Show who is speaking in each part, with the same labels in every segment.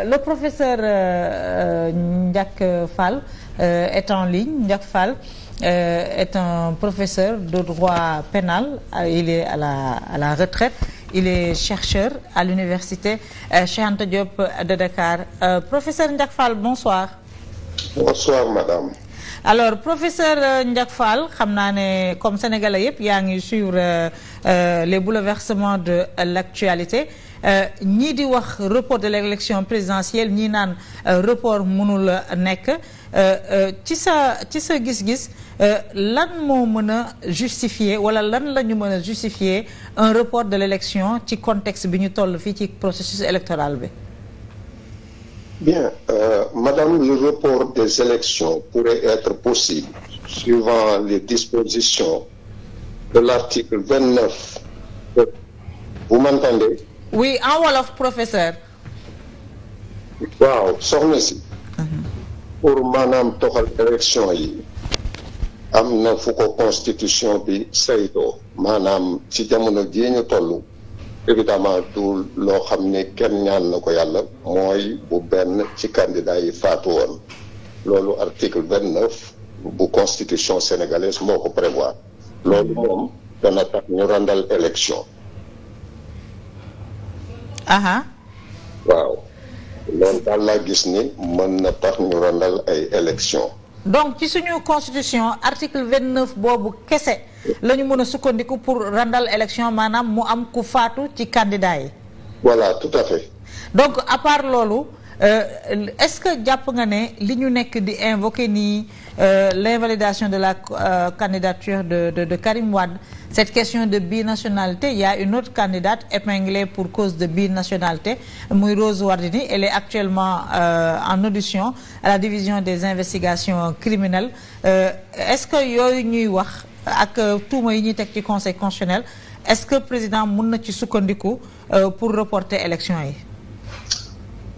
Speaker 1: Euh, le professeur euh, euh, Ndiak Fall euh, est en ligne Ndiak Fall euh, est un professeur de droit pénal il est à la à la retraite il est chercheur à l'université Cheikh Anta Diop de Dakar professeur Ndiak Fall bonsoir.
Speaker 2: Bonsoir madame.
Speaker 1: alors professeur euh, Ndiak Fall xam naa ne comme sénégalais yëpp yaa ngi suivre euh, euh, les bouleversements de l'actualité ñii di wax report de l'élection présidentielle ñii naan report mënul nekk ci sa ci sa gis-gis lan moo mën a justifier wala lan la ñu mën a justifier un report de l'élection ci contexte bi ñu toll fii ci processus électoral bi
Speaker 2: Bien, euh, Madame, le report des élections pourrait être possible suivant les dispositions de l'article 29. Vous m'entendez?
Speaker 1: Oui, en wolof, professeur.
Speaker 2: waaw soxna si. pour maanaam toxal élection yi am na fu constitution bi saytoo maanaam ci jamono jii ñu toll évidemment du loo xam ne kenn ñaan na ko yàlla mooy bu benn ci candidat yi faatu woon loolu article vingt neuf bu constitution sénégalaise moo ko prévoir loolu moom dana tax ñu randal élection aha waaw loolu daal laa gis ni mën na tax ñu randal ay élection
Speaker 1: donc ci suñu constitution article boobu kese la ñu mën a sukkandiku pour randal élection maanaam mu am ku faatu ci candidat yi.
Speaker 2: voilà tout à fait.
Speaker 1: donc à part loolu euh, est-ce que jàpp nga ne li ñu nekk di invoquer nii euh, l'invalidation de la euh, candidature de de de Karim Wade cette question de binationalité nationalité y a une autre candidate épinglée pour cause de binationalité muy Rose Wardini elle est actuellement en audition à la division des investigations criminelles est-ce que yooyu ñuy wax. ak euh, tuuma yi ñuy teg ci conseil constitutionnel est-ce que président mun na ci sukkandiku euh, pour reporter élection yi.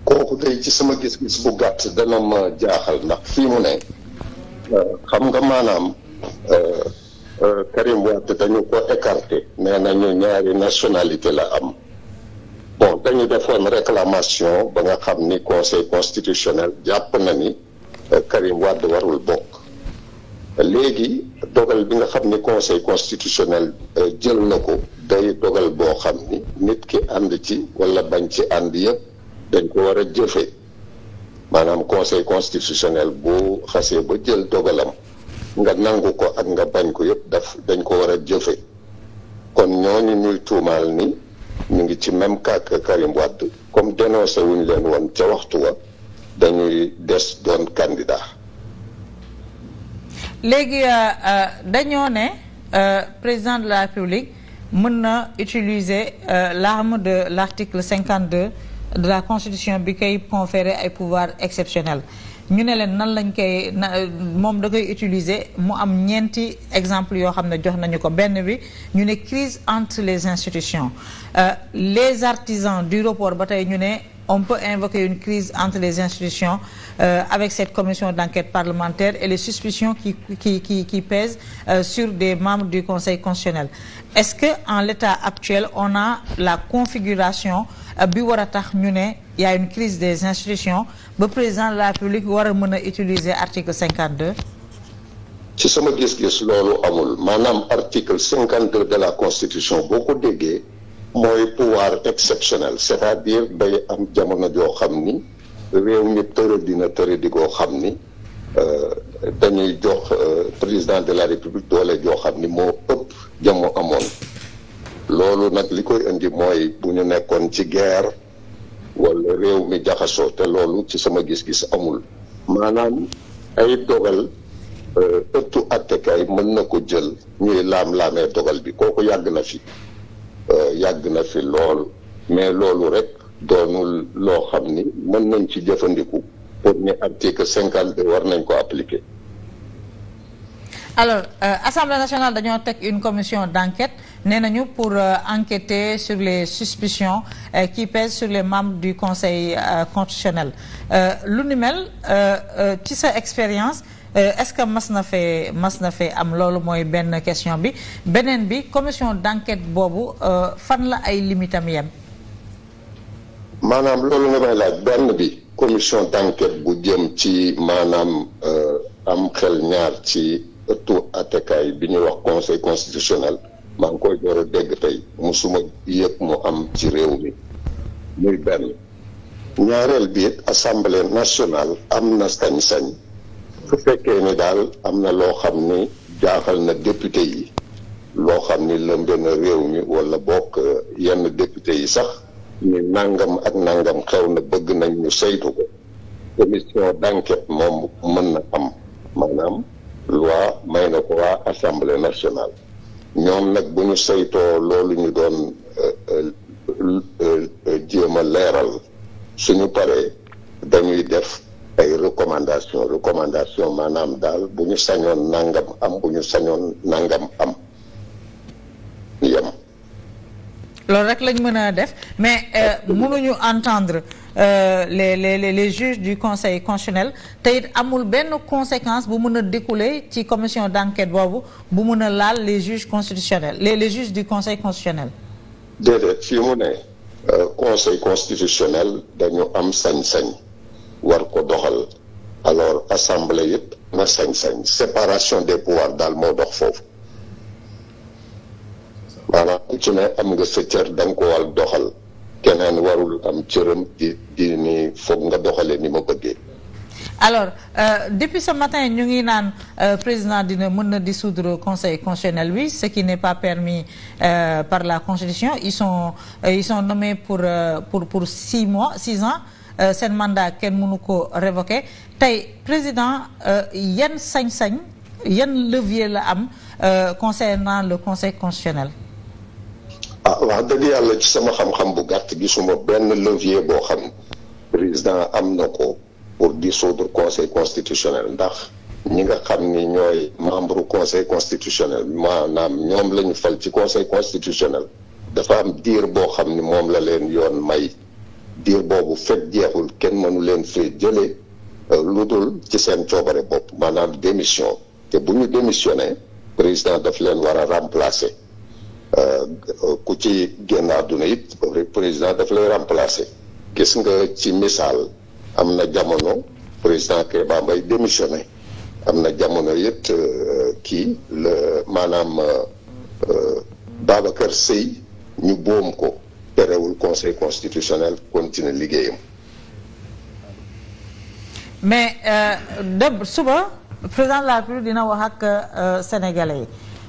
Speaker 2: kooku day ci sama gis-gis bu gàtt dana ma jaaxal ndax fii mu ne euh, xam nga maanaam Karim Wade dañu ko écarté nee nañu ñaari nationalité la am bon dañu defoon réclamation ba nga xam ni conseil constitutionnel jàpp na ni Karim Wade warul bokk. léegi dogal bi nga xam ni conseil constitutionnel euh, jël na ko day dogal boo xam ni nit ki ànd ci wala bañ ci ànd yëpp dañ ko war a jëfee maanaam conseil constitutionnel bu xasee ba jël dogalam nga nangu ko ak nga bañ ko yëpp daf dañ ko war a jëfe kon ñooñu ñuy tuumaal ni ñu ngi ci même cas que Karim Wade comme dénoncé wuñ leen woon ca waxtu wa dañuy des doon candidat
Speaker 1: léegi euh, euh, dañoo ne euh, président de la République mën na utiliser l'arme de l'article 52 de la constitution bi koy conférer ay pouvoir exceptionnel ñu ne leen nan lañ koy moom da koy utiliser mu am ñeenti exemple yoo xam ne jox nañu ko benn bi ñu ne crise entre les institutions les artisans du report ba tey ñu ne on peut invoquer crise entre les euh, avec cette commission d'enquête parlementaire et les suspicions qui, qui, qui, qui euh, sur des membres du Conseil constitutionnel. Est-ce qu'en l'état actuel, on a la configuration euh, bi war a tax ñu ne y a une crise des ba président de la war a mën a utiliser article 52
Speaker 2: de la constitution boo mooy pouvoir exceptionnel c'est-à-dire day am jamono joo xam ni réew mi tëradi na tëradi goo xam ni euh, dañuy jox euh, président de la république doole joo xam ni moo ëpp jamu amoon loolu nag li koy indi mooy bu ñu nekkoon ci guerre wala réew mi jaxasoo te loolu ci sama gis-gis amul maanaam ay dogal euh, ëttu attekaay mën na ko jël ñuy laam-laamee dogal bi kooku yàgg na fi Euh, yàgg na fi lool mais loolu rek doonul loo xam ni mën nañ ci jëfandiku pour ne article cinquante war nañ ko appliquer.
Speaker 1: alors euh, assemblée nationale dañoo teg une commission d'enquête nee nañu pour euh, enquêter sur les suspicions euh, qui pèsent sur les membres du conseil euh, constitutionnel euh, lu ni ci sa expérience. Euh, est-ce que mas na fee mas na fee am loolu mooy benn question bi beneen bi commission d'enquête boobu euh, fan la ay limitam yem
Speaker 2: maanaam loolu nga may laaj benn bi commission d'enquête bu jëm ci maanaam euh, am xel ñaar ci ëttu attekaay bi ñuy wax conseil constitutionnel maa ngi koy door a dégg tey musuma yëg mu am ci réew mi muy benn ñaareel bi it assemblée nationale am na sañ-sañ su fekkee ne daal am na loo xam ni jaaxal na député yi loo xam ni lëmbe na réew mi walla bokk yenn député yi sax ni nangam ak nàngam xew na bëgg nañ ñu saytu ko commission d'enquête moom mën na am maanaam loi may na ko waa assemblée nationale ñoom nag bu ñu saytoo loolu ñu doon euh, euh, euh, jéem a leeral suñu paree dañuy def ay recommandation recommandation maanaam daal bu ñu sañoon nangam am bu ñu sañoon nangam am
Speaker 1: yem loolu rek lañ mën a def mais euh, mënuñu entendre Euh, les les les juges du conseil constitutionnel te amul benn conséquence bu mën a découler ci commission d'enquête boobu bu mën a laal les juges constitutionnels les les juges du conseil constitutionnel.
Speaker 2: déedéet fii mu ne euh, conseil constitutionnel dañu am sañ-sañ. war ko doxal alors assemblée yëpp na sañ-sañ séparation des pouvoirs daal moo dox foofu maanaam ku ci ne am nga sa cër da ko war doxal keneen warul am cëram di ni foog nga doxalee ni ma bëggee.
Speaker 1: alors euh, depuis ce matin ñu ngi naan euh, président dina mën na dissoudre conseil constitutionnel bi ce qui n'est pas permis euh, par la constitution ils sont euh, nommés pour pour pour six mois six ans. Euh, seen mandat kenn mënu ko révoquer tey président euh, yan sañ-sañ yan levier la am euh, concernant le conseil constitutionnel.
Speaker 2: ah wax dëgg yàlla ci sama xam-xam bu gàtt suma benn levier boo xam président am na ko pour dissoudre conseil constitutionnel ndax ñi nga xam ni ñooy membre conseil constitutionnel maanaam ñoom la ñu fal ci conseil constitutionnel dafa am diir boo xam ni moom la leen yoon may. diir boobu fekk jeexul kenn mënu leen fee jëlee euh, lu dul ci seen coobare bopp maanaam démission te bu ñu démissionné président daf leen war a remplacer euh, ku ci génn adduna it président daf lay remplacer gis nga ci misaal am na jamono président Kéba Mbaye démissionné am na jamono it euh, kii la maanaam Babacar Sèye ñu boom ko terewul conseil constitutionnel continue liggéeyam.
Speaker 1: mais euh, dëbb suba président de la République dina wax ak euh, sénégalais yi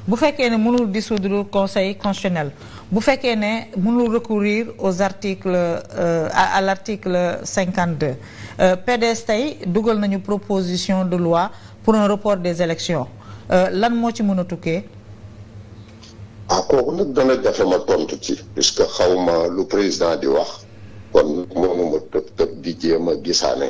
Speaker 1: bu fekkee ne mënul dissoudre conseil constitutionnel bu fekkee ne mënul recourir aux articles euh, à à l' article cinquante deux PDS dugal nañu proposition de loi pour un report des élections lan moo ci mën a tukkee.
Speaker 2: kooku nag dana jafe ma tontu ci puisque xaw ma lu président di wax kon moomuma tëb tëb di jéem gisaane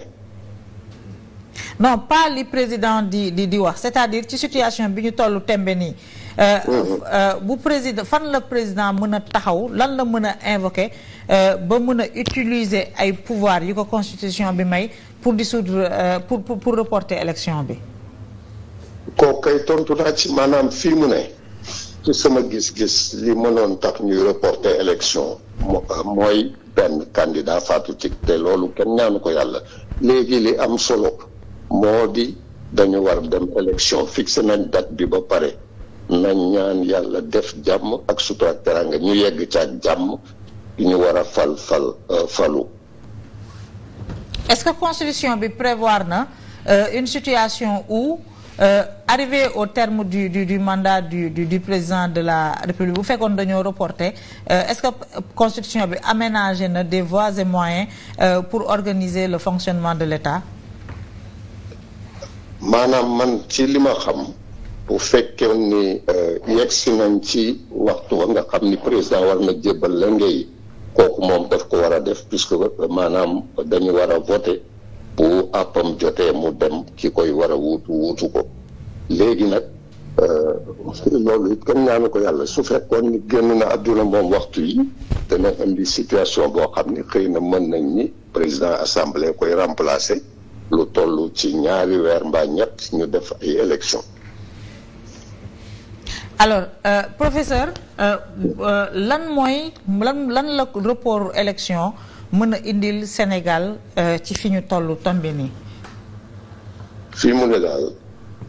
Speaker 1: non pas li président di di di wax c'est-à-dire ci situation bi ñu tollu tembe nii euh, mhm. euh, bu président fan la président mën a taxaw lan la mën a invoquer euh, ba mën a utiliser ay pouvoir yu ko constitution bi may pour dissoudre pour pour reporter élection bi
Speaker 2: kooku kay tontu naa ci maanaam fii mu ne ci sama gis-gis li mënoon tax ñuy reporter élection euh, mooy benn candidat faatu ci te loolu kenn ñaanu ko yàlla léegi li am solo moo di dañu war dem élection fixé nañ date bi ba pare nañ ñaan yàlla def jàmm ak sutura teranga ñu yegg ca ak jàmm ñu war a fal fal euh, falu.
Speaker 1: est constitution bi prévoir na euh, une situation où. Euh, arrivé au terme du du du mandat du du, du président de la République bu fekkoon dañoo reporté euh, est-ce que constitution bi aménagé na des voies et moyens euh, pour organiser le fonctionnement de l'État.
Speaker 2: maanaam man ci li ma xam bu fekkee ni euh, yegsi nañ ci waxtu wa nga xam ni président war na jébbal la ngay kooku moom daf ko war a def puisque maanaam dañu war a voter. bu àppam jotee mu dem ki koy wara wutu wuutu ko léegi nag euh, loolu it kenn ñaanu ko yàlla su fekkoon ni génn na àdduna moom waxtu yi dana indi situation boo xam ne xëy na mën nañ ni président assemblée koy remplacer lu toll ci ñaari weer mbaa ñett ñu def ay élection
Speaker 1: alors euh, professeur euh, euh, lan mooy lan lan la report élection mën a indil Sénégal euh, ci fi ñu toll tombe nii
Speaker 2: fii mu ne daal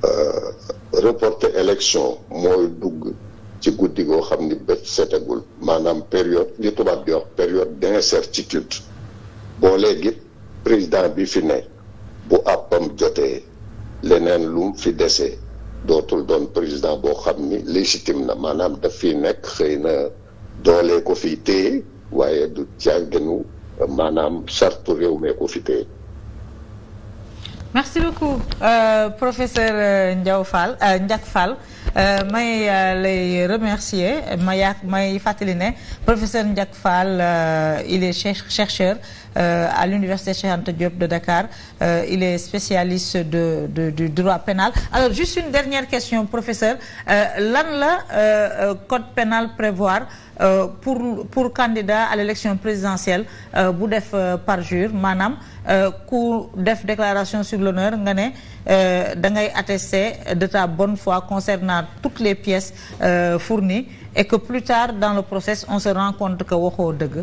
Speaker 2: euh, reporter élection mooy dugg ci guddi goo xam ni bët setagul maanaam période li tubaab di wax période d'incertitude boo léegi président bi fi ne bu àppam jotee leneen lu fi desee dootul doon président boo xam ni légitime na maanaam daf fi nekk xëy na doolee ko fi téye waaye du caaginu maanaam charte réew mee ko fi téye
Speaker 1: merci beaucoup euh, professeur euh, Ndiaw Fall euh, Ndiak Fall euh, may lay remercier ma yaak may fàttali ne professeur Ndiak Fall il est chercheur à l'université Cheikh Anta Diop de Dakar il est spécialiste de de du droit pénal alors juste une dernière question professeur lan la code pénal prévoir pour pour candidat à l'élection présidentielle bu def parjure maanaam Euh, ku def déclaration sur l'honneur nga ne euh, da ngay attester de ta bonne foi concernant toutes les pièces euh, fournies et que plus tard dans le process on se rend compte waxoo dëgg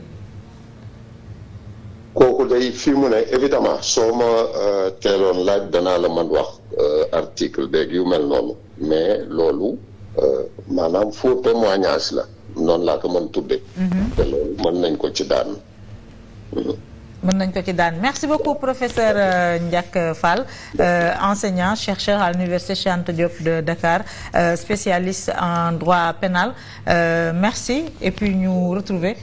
Speaker 2: kooku day fii mu ne évidemment soo ma teeloon laaj danaa la mën wax article beeg yu mel noonu mais loolu maanaam faux témoignage la noonu laa ko mën tudde mm-hmm. te nañ ko ci daan
Speaker 1: mm-hmm. mën nañ ko ci daan merci beaucoup professeur euh, njak Fall euh, enseignant chercheur à l'université Cheikh Anta Diop de Dakar euh, spécialiste en droit pénal merci et puis ñu retrouver